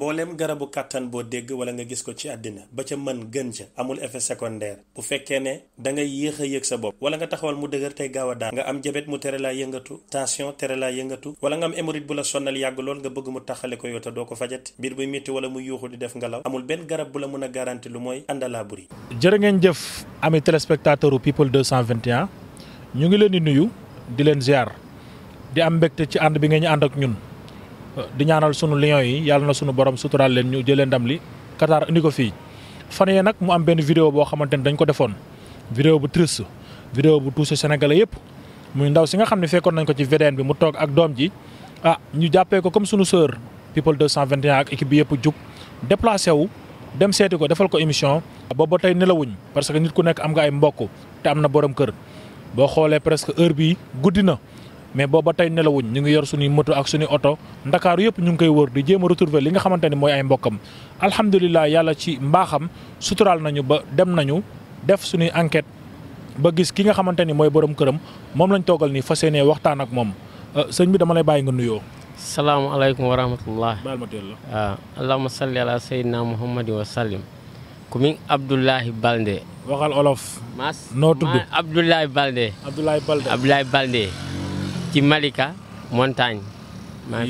mbooleem garabu kàttan boo dégg wala nga gis ko ci àddina ba ca man gën ca amul effet secondaire bu fekkee ne da nga yéex a yëg sa bopp wala nga taxawal mu dëgër tey gaaw a daan nga am jabet mu tere yëngatu tension tere laa wala nga am hémorroïde bu la sonnal yàgg lool nga bëgg mu taxale ko yow te doo ko fajat biir buy métti wala mu yuuxu di def ngelaw amul benn garab bu la mën a garanti lu mooy àndalaa buri jërë ngeen jëf ami téléspectateur u people 221 ñu ngi leen di nuyu di leen ziar di am mbégte ci ànd bi nga ñu ànd ak ñun di ñaanal sunu lions yi yàlla na sunu borom suturaal leen ñu jëlee ndam li Qatar indi ko fii fan yee nag mu am benn vidéo boo xamante ni dañ ko defoon vidéo bu triste vidéo bu touché sénégalais yëpp muy ndaw si nga xam ne fekkoon nañ ko ci VDN bi mu toog ak doom ji ah ñu jàppee ko comme sunu sœur people 221 ak équipe bi yëpp jug déplacé wu dem seeti ko defal ko émission booba tey nelawuñ parce que nit ku nekk am nga ay mbokk te am na boroom kër boo xoolee presque heure bi guddi na mais booba tey nelawuñ ñu ngi yor suñuy moto ak suñuy oto ndakaaru yëpp ñu ngi koy wër di jéem a li nga xamante ni mooy ay mbokkam alhamdulilah yàlla ci mbaaxam suturaal nañu ba dem nañu def suñuy enquête ba gis ki nga xamante ni mooy borom këram moom lañ toogal nii fa yéenee waxtaan ak moom euh, sëñ bi dama lay bàyyi nga nuyoo. salaamaaleykum wa rahmatullah. waaw euh, allahumma salli ala sayyidina muhammadin wa sallim. ku mi Abdoulaye Balde. waxal olof. mas noo tudd Abdoulaye Balde. Abdoulaye Balde Abdoulaye Balde. ci Malika montagne.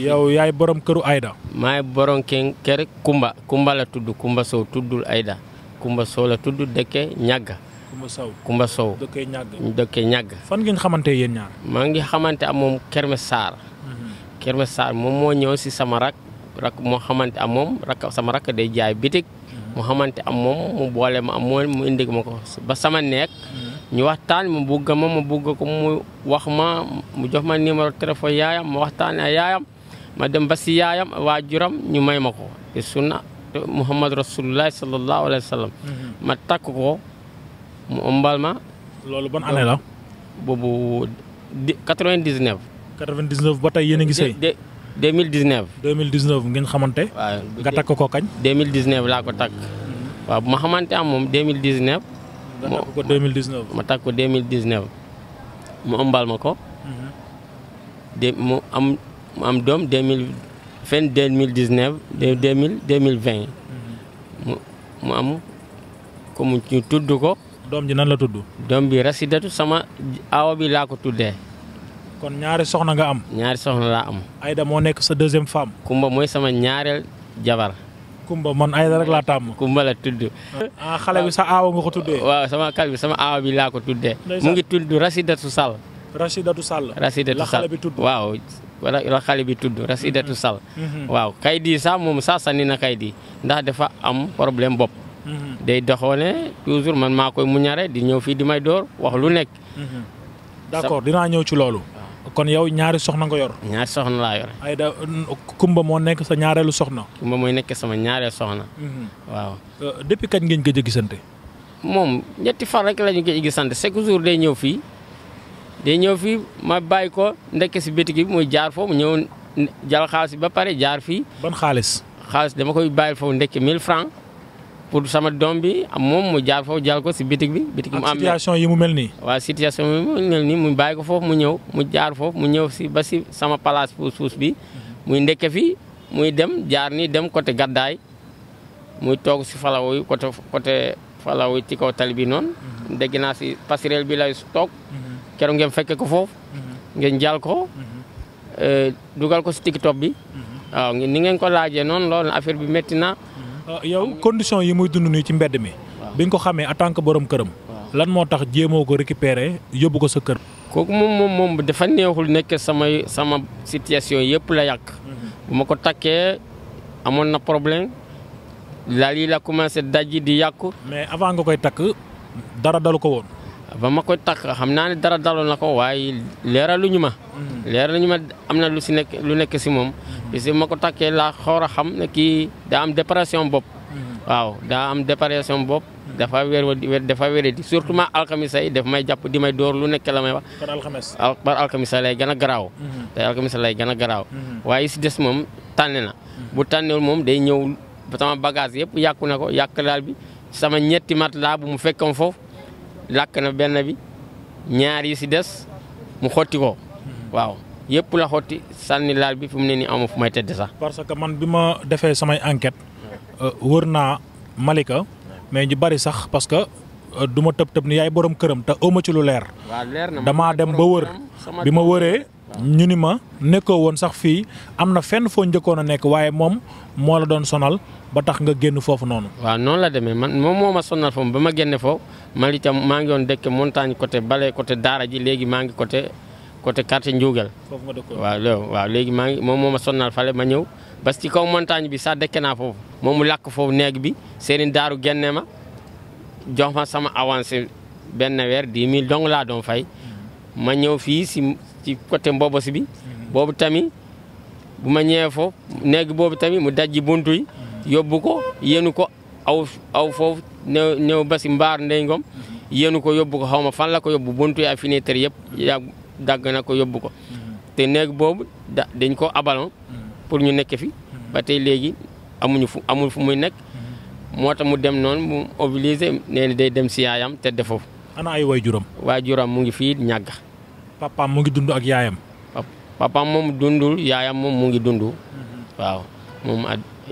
yow yaay borom këru Aida. maay borom kër Kumba Kumba la tudd Kumba Sow tuddul Aida Kumba Sow la tudd dëkke ñàgg. Kumba Sow Kumba Sow. dëkkee ñàgg dëkkee ñàgg. fan ngeen xamante yéen ñaar. maa ngi xamante ak moom Kermes Sarr. Mhm. Kermes Sarr moom moo ñëw si sama rak rak moo xamante ak moom rak sama rak day jaay bitig mu mhm. xamante am moom mu boole ma am moo mu indi ma ko ba sama nekk. Mhm. ñu waxtaan mu bugg ma ma bugg ko mu wax ma mu jox ma numéro téléphone yaayam ma waxtaan a yaayam ma dem ba si yaayam waajuram ñu may ma ko te sunna muhammad rasulullah sallallahu alayhi wa sallam mhm. ma takk ko mu ëmbal ma loolu ban année la boobu 99 99 ba tey yéen a ngi sëy 2019 2019 ngeen xamante waaw nga takk ko kañ 2019 laa ko takk mhm. waaw bu ma xamante am moom 2019 nga takk ko 2019. ma takk ko 2019 mu ëmbal ma ko. Mhm. de mu am mu am doom deux mille fin deux mille dix neuf deux mille deux mille vingt. Mhm. mu am comme ñu tudd ko. doom ji nan la tudd. doom bi rasidatu sama awo bi laa ko tuddee. kon ñaari soxna nga am. ñaari soxna laa am. Aida moo nekk sa deuxième femme. Kumba mooy sama ñaareel jabar. Kumba man ay rek laa tàmm. Kumba la tudd. ah xale bi sa aawa nga ko tuddee. waaw sama xale bi sama aawa bi laa ko tuddee. mu ngi tudd Rasidatu Sall. Rasidatu Sall. Rasidatu Sall la xale bi tudd mm-hmm. Mm-hmm. waaw. la xale bi tudd Rasidatu Sall. waaw kay di sax moom sax sànni na kay di ndax dafa am problème bopp. Mm-hmm. day doxoone toujours man maa koy muñare di ñëw fii di may door wax lu nekk. d'accord dinaa ñëw ci loolu. kon yow ñaari soxna nga yor. ñaari soxna laa yor. da Kumba moo nekk sa ñaareelu soxna. Kumba mooy nekk sama ñaareelu soxna. Mhm. waaw. Euh, depuis kañ ngeen gëj a gisante. moom ñetti fan rek la ñu gëj a gisante chaque jour day ñëw fii day ñëw fii ma bàyyi ko ndekk si bitig mooy jaar foofu mu ñëw jàll xaalis bi ba pare jaar fii. ban xaalis. xaalis dama koy bàyyi foofu ndekki mille francs pour sama doom bi moom mu jaar foofu jaar ko si bitig bi. bitig mu am situation yi mu mel nii. waaw situation yi mu mel nii mu bàyyi ko foofu mu ñëw mu jaar foofu mu ñëw si ba si sama place pour suus bi muy ndekke fi muy dem jaar nii dem côté Gaddaay muy toog si falaw yi côté côté falaw yi ci tali bi noonu. Mhm. dégg naa si passerelle bi lay toog. Mhm. keroog ngeen fekke ko foofu. Mhm. ngeen jàll ko. Euh, dugal ko si tiktok bi. waaw ni ko laajee noonu loolu affaire bi Euh, yow condition yi muy dund nii ci mbedd mi. bi nga ko xamee en tant que borom këram. lan moo tax jéemoo ko récupérer yóbbu ko sa kër. kooku moom moom moom dafa neexul nekk samay sama situation yëpp la yàq. Mhm. bu ma ko takkee amoon na problème laal yi la commencé daj di yàqu. mais avant nga koy takk dara dalu ko woon. ba ma ko takk xam naa ne dara daloon na ko waaye leeraluñu ma. Mm-hmm. leeraluñu ma am na lu si nekk lu nekk si moom. parce mm-hmm. que ma ko takkee laa xoor a xam ne kii daa am dépression bopp. Mm-hmm. waaw daa am dépression bopp. dafa wér dafa wér di surtout ma alxamisa yi daf may jàpp di may door lu nekk la may wax. par alxamis par alxamisa lay gën a garaaw. te alxamisa lay gën a garaaw. waaye si des moom tànne na. bu tànnewul moom day ñëw sama bagage yëpp yàqu na ko yàq daal bi sama ñetti mat laa bu mu fekkoon làkk na benn bi ñaar yi si des mu xotti ko waaw yëpp la xotti sànni laal bi fu mu ne nii amu fu may tëdd sax. parce que man bi ma defee samay enquête euh, wër naa Malika mais ñu bari sax parce que euh, du ma tëb tëb ni yaay borom këram te ëmma ci lu leer. damaa dem ba wër bi ma wëree. ñu ni ma nekkoo woon sax fii am na fenn foo njëkkoon a nekk waaye moom moo la doon sonal. ba tax nga génn foofu noonu. waaw noonu la demee man moom moo ma sonal foofu ba ma génne foofu man itam maa ngi woon dëkk montagne côté bale côté daara ji léegi maa ngi côté côté quartier Ndiougal. foofu waaw léegi maa ngi moom moo ma sonal fale ma ñëw parce que ci kaw montagne bi sax dëkk naa foofu moom mu làkk foofu néeg bi seeni daaru génne ma jox ma sama avancé benn weer di 000 dong laa doon fay ma ñëw fii si ci côté mbobos bi mm-hmm. boobu tamit bu ma ñëwee foofu néeg boobu tamit mu dajji buntu yi mm-hmm. yóbbu ko yenu ko aw foofu néew néew basi mbaar ndey ngom yenu ko yóbbu ko xaw ma fan la ko yóbbu buntu yaa fenêtre yëpp yaa na ko yóbbu ko te néeg boobu da dañ ko pour ñu nekk fi ba tey léegi amuñu fu amul fu muy nekk moo tax mu dem noonu mu obligé day dem si yaayam tëdd foofu. ana ay waajuram. waajuram mu ngi fii ñàgg. papaam mu ngi dund yaayam. papaam moom dundul yaayam moom mu ngi dundu mhm. waaw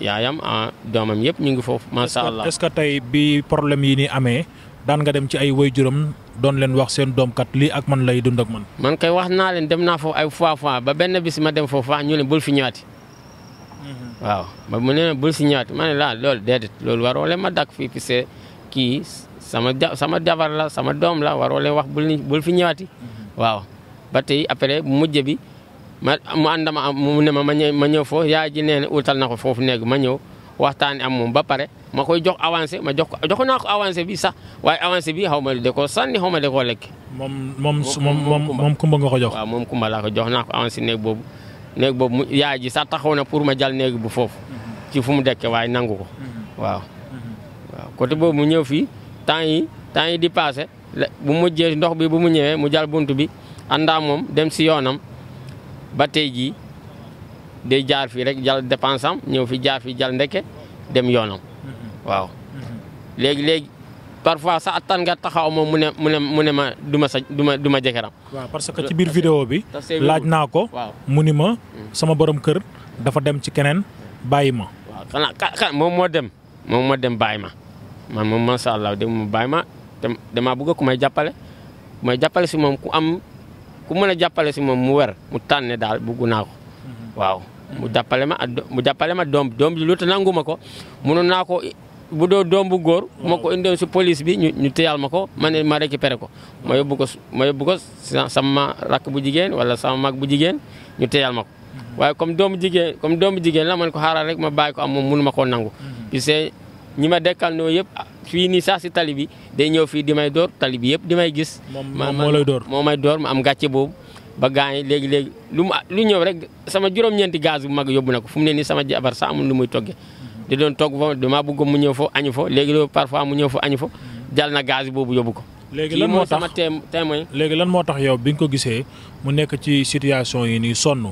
yaayam ah doomam yëpp ñu ngi foofu. macha allah est-ce que tey bi problème yi ni amee daan nga dem ci ay waajuram doon leen wax seen doom kat lii ak man lay dund ak man. man kay wax naa leen dem naa foofu ay fois fois ba benn bi bis ma dem foofu ah, ñu ne bul fi ñëwaati. Mm-hmm. waaw ba mu ne bul si ñëwaati ma ne laa loolu déedéet loolu waroo leen kii sama sama jabar la sama doom la waroo leen wax bul bul fi ñëwaati. Mm-hmm. waaw ba tey après mujj bi. ma mu ànd mu ne ma ma ñëw ma ñëw foofu yaay ji nee utal na ko foofu néeg ma ñëw waxtaanee am moom ba pare ma koy jox avancé ma jox ko jox naa avancé bi sax waaye avancé bi xaw ma da koo sànni xaw ma da koo lekk. moom moom moom moom Kumba nga ko jox. waaw moom Kumba laa ko jox naa ko neeg boobu néeg boobu mu yaay ji sax taxaw na pour ma jal néeg bu foofu. ci fu mu dekke waaye nangu ko. waaw waaw côté boobu mu ñëw fii temps yi temps yi di passé bu mujjee ndox bi bu mu ñëwee mu jal bunt bi àndaa moom dem si yoonam. ba tey jii day jaar fii rek jàll dépense am ñëw fi jaar fi jàll ndeke dem yoonam waaw léegi léegi parfois sax attan nga taxaw moom mu ne mu ne mu ne ma du ma sa du ma du ma jëkkëram parce que ci biir vidéo bi laaj naa ko mu ni ma hmm. sama borom kër dafa dem ci keneen bàyyi ma waaw xanaa xanaa moom moo dem moom moo dem bàyyi ma man moom macha allah dem mu bàyyi ma dama bëgg ku may jàppale ku may jàppale si moom ku am ku mën a jàppale si moom mu wer mu tànne daal bugg naa ko mhm. waaw mu jàppale ma mu jàppale ma doom ko mënoon naa ko bu doo doom bu góor ma ko indoon si police bi ñu ñu ma ko ma ma récupéré ko ma yóbbu ko ma yóbbu ko sama rakk bu jigéen wala sama mag bu jigéen ñu téyal ma ko mhm. waaye comme doomu jigéen comme doomu jigéen la man ko xaaral rek ma bàyyi ko am moom mënu ma koo nangu mhm. puisque ñi ma dekkal noo yëpp fii nii sax si tali bi day ñëw fii di may door tali bi yëpp di may gis. moom moo lay door moo may door ma am gàcce boobu. ba gars yi léegi léegi lu mu lu ñëw rek sama juróom-ñeenti gaz bu mag yóbbu na ko fu mu ne nii sama jabar sax amul lu muy togge di doon togg foofu damaa bëgg mu ñëw foofu añu fa léegi loolu parfois mu ñëw fo añu fa jàll na gaz boobu yóbbu ko. léegi lan moo tax léegi lan moo tax yow bi nga ko gisee mu nekk ci situation yi nii sonn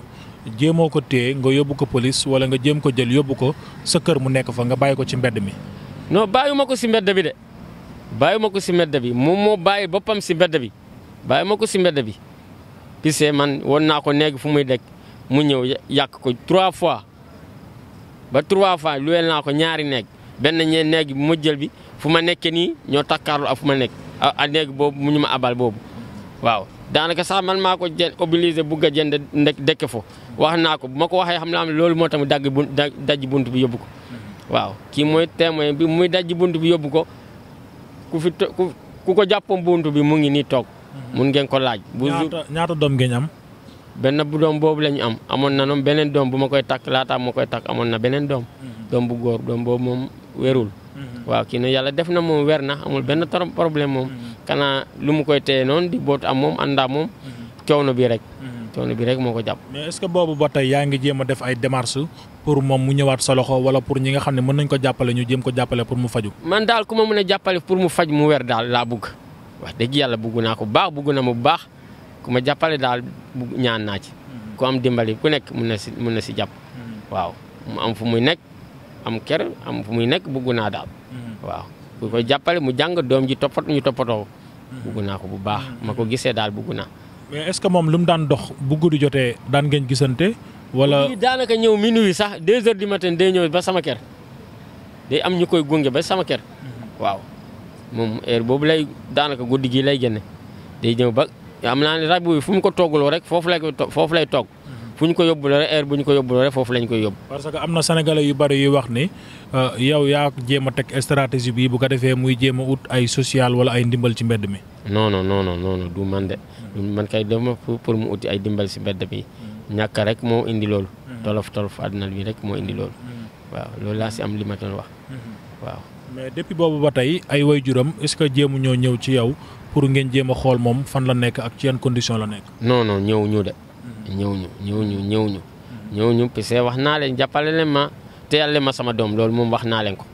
jéemoo ko téye nga yóbbu ko police wala nga jéem ko jël yóbbu ko sa kër mu nekk fa nga bàyyi ko ci mbedd mi non bàyyi ma ko si mbedd bi de bàyyi ma ko si mbedd bi moom moo bàyyi boppam si mbedd bi bàyyi ma ko si mbedd bi puisque man won naa ko néeg fu muy dekk mu ñëw yàq ko trois fois ba trois fois luweel naa ko ñaari néeg benn ñee néeg bu ma jël bi fu ma nekkee nii ñoo takkaarlu ak fu ma nekk a néeg boobu mu ñu ma abal boobu waaw daanaka sax man maa ko jël obligé bugg a jënd ndek dëkk fo wax naa ko bu ma ko waxee xam naa loolu moo tax mu dagg bu daj bunt bi yóbbu ko waaw kii mooy témoin bi muy dajji bunt bi yóbbu ko ku fi ko jàppoon bunt bi mu ngi nii toog. Mhm. mun ngeen ko laaj. bu ñaata doom ngeen am. benn bu doom boobu lañu am amoon na noonu beneen doom bu ma koy takk laataa ma koy takk amoon na beneen doom. Mhm. doom bu góor doom boobu moom wérul. Mhm. waaw kii nag yàlla def na moom weer na amul benn problème moom. kanaa lu mu koy téye noonu di boot am moom àndaa moom coono bi rek. coono bi rek moo ko jàpp. mais est-ce que boobu ba tey yaa ngi jéem a def ay démarches pour moom mu ñëwaat sa loxo wala pour ñi nga xam ne mën nañ ko jàppale ñu jéem ko jàppale pour mu faju man daal ku ma mën a jàppale pour mu faj mu wer daal laa bëgg wax dëgg yàlla bëgg naa ko baax bëgg na bu baax ku ma jàppale daal bëgg ñaan naa ci. ku am dimbali ku nekk mun na si mun na si jàpp. waaw mu am fu muy nekk am kër am fu muy nekk bëgg naa daal. waaw ku ko jàppale mu jàng doom ji toppat ñu toppatoo. bugg naa ko bu baax ma ko gisee daal bëgg naa mais est-ce que moom lu mu daan dox bu guddi jotee daan ngeen gisante wala. daanaka ñëw mi minuit sax 2 heures du matin day ñëw ba sama ker day am ñu koy gunge ba sama kër mhm. waaw moom heure boobu lay daanaka guddi gi lay génne day ñëw ba am naa ne rab bi fu mu ko toggaloo rek foofu lay foofu lay togg. Mhm. fu ñu ko yóbbuloo rek heure bu ñu ko yóbbuloo rek foofu lañ koy yóbbu. parce que am na sénégalais yu bari yu wax ni euh, yow yaa jéem a teg stratégie bi bu ko defee muy jéem a ut ay social wala ay ndimbal ci mbedd mi. non noonu non du man de man kay dama pour mu uti ay dimbali si mbedd bi ñàkk rek moo indi loolu. Mm-hmm. tolof tolof àddina bi rek moo indi loolu. Mm-hmm. waaw loolu laa si am li ma wax. Mm-hmm. waaw mais depuis boobu ba tey ay waajuram est-ce que jéemu ñoo ñëw ci yow pour ngeen jéem a xool moom fan la nekk ak ci yan condition la nekk. non ñëw ñëwuñu de. ñëw ñu ñëw ñu ñëw ñu parce que wax naa leen jàppale leen ma teyal leen ma sama doom loolu moom wax naa leen ko.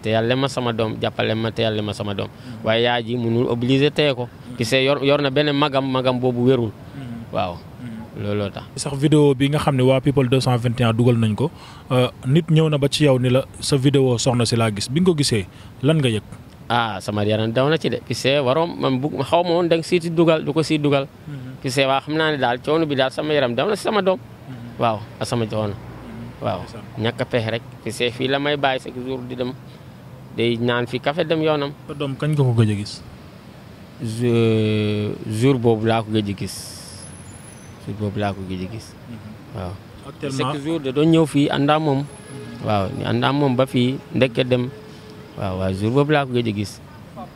teyal ma sama doom jàppale ma teyal ma sama doom waaye yaay ji mënul obligé teye ko gis yor yor na benn magam magam boobu wérul mm-hmm. waaw mm-hmm. looloo tax. sax vidéo bi nga xam ne waa people 221 dugal nañ ko euh, nit ñëw na ba ci yow ni la sa vidéo soxna si laa gis bi ko gisee lan nga yëg. ah sama yaram daw na ci de pisee waroon man bu xaw ma da nga siiti dugal du ko siit dugal. pisee mm-hmm. waa xam naa ne daal coono bi daal sama yaram daw na si sama doom. waaw fii la may bàyyi chaque jour di dem. day naan fi café dem yoonam. sa doom kañ nga ko gëj a gis. jour boobu laa ko gëj gis jour boobu laa ko gis mhm. waaw. actuellement chaque jour ñëw fii àndaa mhm. waaw àndaa moom ba fii ndekke dem waaw waaw jour boobu laa ko gëj gis.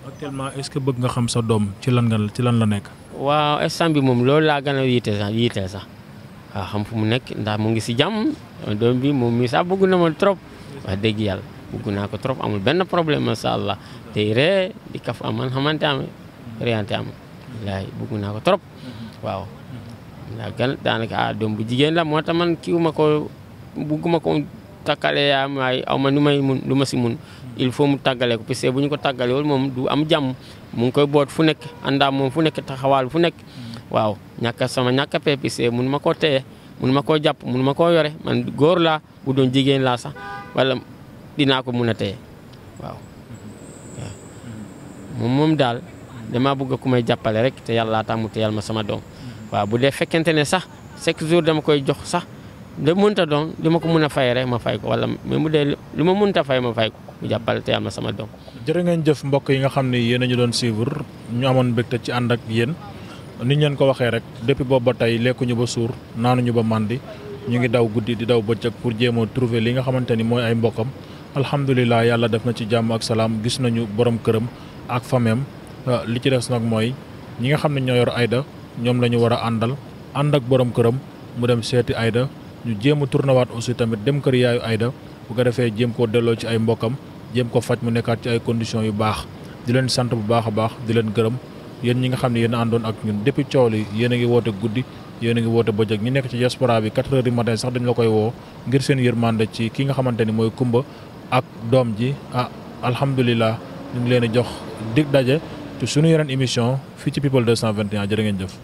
actuellement est-ce que bëgg nga xam sa doom ci lan nga ci la nekk. waaw instant bi moom loolu laa gën a yiite sax yiiteel sax waaw xam fu mu nekk ndax mu ngi si jàmm doom bi moom mi sax bëgg na ma trop wax dëgg yàlla. bugg naa ko trop amul benn problème macha allah te ree di kaf man xamante am réante am wallaahi bugg naa ko trop waaw ndax daanaka ah doom bu jigéen la moo tax man kiiw ma ko bugguma ko takkale yaa maay aw ma nu may mun lu ma si mun il faut mu tàggale ko parce que bu ñu ko tàggale wul moom du am jàmm mu ngi koy boot fu nekk àndaa moom fu nekk taxawaal fu nekk waaw ñàkka sama ñàkka pee parce mun ma koo téye mun ma koo jàpp mun ma koo yore man góor laa bu doon jigéen dinaa ko mën a téye waaw. moom moom daal damaa bëgg ku may jàppale rek te yàlla laa tàmm te yàlla ma sama doom waaw bu dee fekkente ne sax chaque jour dama koy jox sax da mënta doon li ma ko mën a fay rek ma fay ko wala mu dee lu ma mënta fay ma fay ko mu jàppale te yàlla ma sama doom. jërë ngeen jëf mbokk yi nga xam ne yéen a ñu doon suivre ñu amoon mbégte ci ànd ak yéen ni ñeen ko waxee rek depuis boobu ba tey lekkuñu ba suur naanuñu ba màndi ñu ngi daw guddi di daw bëccëg pour jéem a li nga xamante ni mooy ay mbokkam. alhamdulilah yàlla def na ci jàmm ak salaam gis nañu borom këram ak famem euh, li ci des nag mooy ñi nga xam ne ñoo yor ayda ñoom la ñu war a àndal ànd ak borom këram mu dem seeti Aida ñu jéem a tournewaat aussi tamit dem kër yaayu Aida bu ko defee jéem koo delloo ci ay mbokkam jéem ko faj mu nekkaat ci ay conditions yu baax di leen sant bu baax a baax di leen gërëm yéen ñi nga xam ne yéen àndoon ak ñun depuis coow li yéen a ngi woote guddi yéen a ngi woote bëccëg ñi nekk ci diaspora bi 4 heures du matin sax dañ la koy woo ngir seen yërmande ci ki nga xamante ni mooy Kumba ak doom ji ah alhamdulilah ñu ngi leen a jox dig daje te suñu yeneen émission fii ci people 221 jërë ngeen jëf.